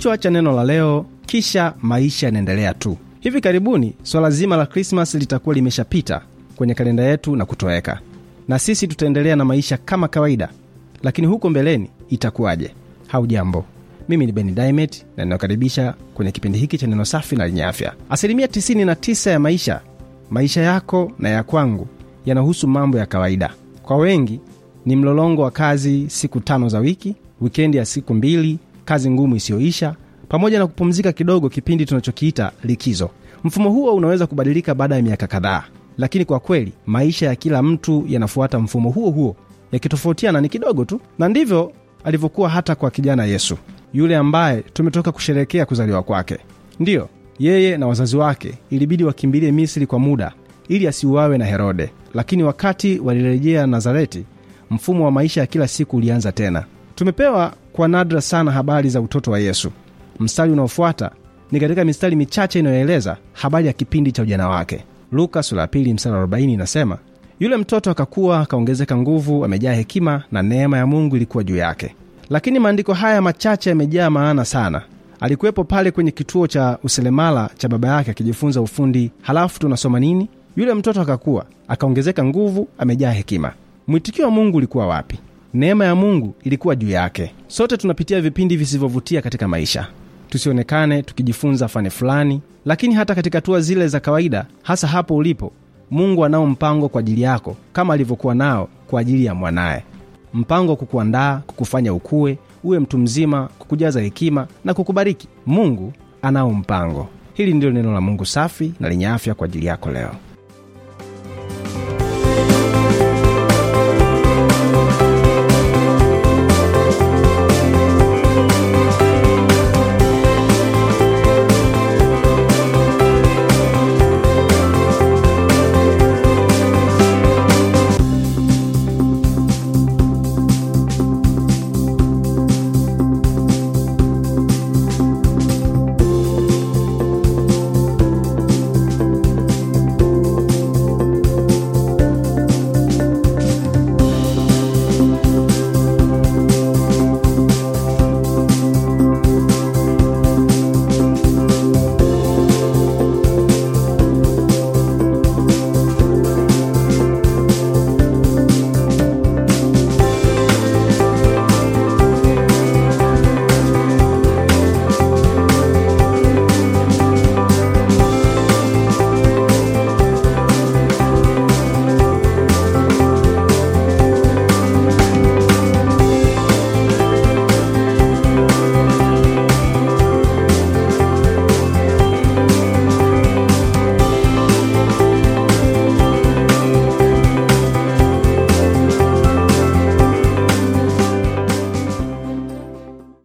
Kichwa cha neno la leo, kisha maisha yanaendelea tu. Hivi karibuni swala zima la Krismas litakuwa limeshapita kwenye kalenda yetu na kutoweka, na sisi tutaendelea na maisha kama kawaida. Lakini huko mbeleni itakuwaje? Haujambo, mimi ni Beni Daimet na ninawakaribisha kwenye kipindi hiki cha neno safi na lenye afya. Asilimia 99 ya maisha, maisha yako na ya kwangu, yanahusu mambo ya kawaida. Kwa wengi ni mlolongo wa kazi siku tano za wiki, wikendi ya siku mbili kazi ngumu isiyoisha pamoja na kupumzika kidogo kipindi tunachokiita likizo. Mfumo huo unaweza kubadilika baada ya miaka kadhaa, lakini kwa kweli maisha ya kila mtu yanafuata mfumo huo huo, yakitofautiana ni kidogo tu, na ndivyo alivyokuwa hata kwa kijana Yesu yule ambaye tumetoka kusherekea kuzaliwa kwake. Ndiyo, yeye na wazazi wake ilibidi wakimbilie Misri kwa muda ili asiuawe na Herode, lakini wakati walirejea Nazareti, mfumo wa maisha ya kila siku ulianza tena. Tumepewa kwa nadra sana habari za utoto wa Yesu. Mstari unaofuata ni katika mistari michache inayoeleza habari ya kipindi cha ujana wake. Luka sura pili mstari wa 40 inasema, yule mtoto akakuwa akaongezeka nguvu, amejaa hekima na neema ya Mungu ilikuwa juu yake. Lakini maandiko haya machache yamejaa maana sana. Alikuwepo pale kwenye kituo cha uselemala cha baba yake akijifunza ufundi. Halafu tunasoma nini? Yule mtoto akakuwa akaongezeka nguvu, amejaa hekima. Mwitikio wa Mungu ulikuwa wapi? neema ya Mungu ilikuwa juu yake. Sote tunapitia vipindi visivyovutia katika maisha, tusionekane tukijifunza fani fulani, lakini hata katika hatua zile za kawaida, hasa hapo ulipo, Mungu anao mpango kwa ajili yako, kama alivyokuwa nao kwa ajili ya mwanaye, mpango wa kukuandaa, kukufanya ukue uwe mtu mzima, kukujaza hekima na kukubariki. Mungu anao mpango. Hili ndilo neno la Mungu safi na lenye afya kwa ajili yako leo.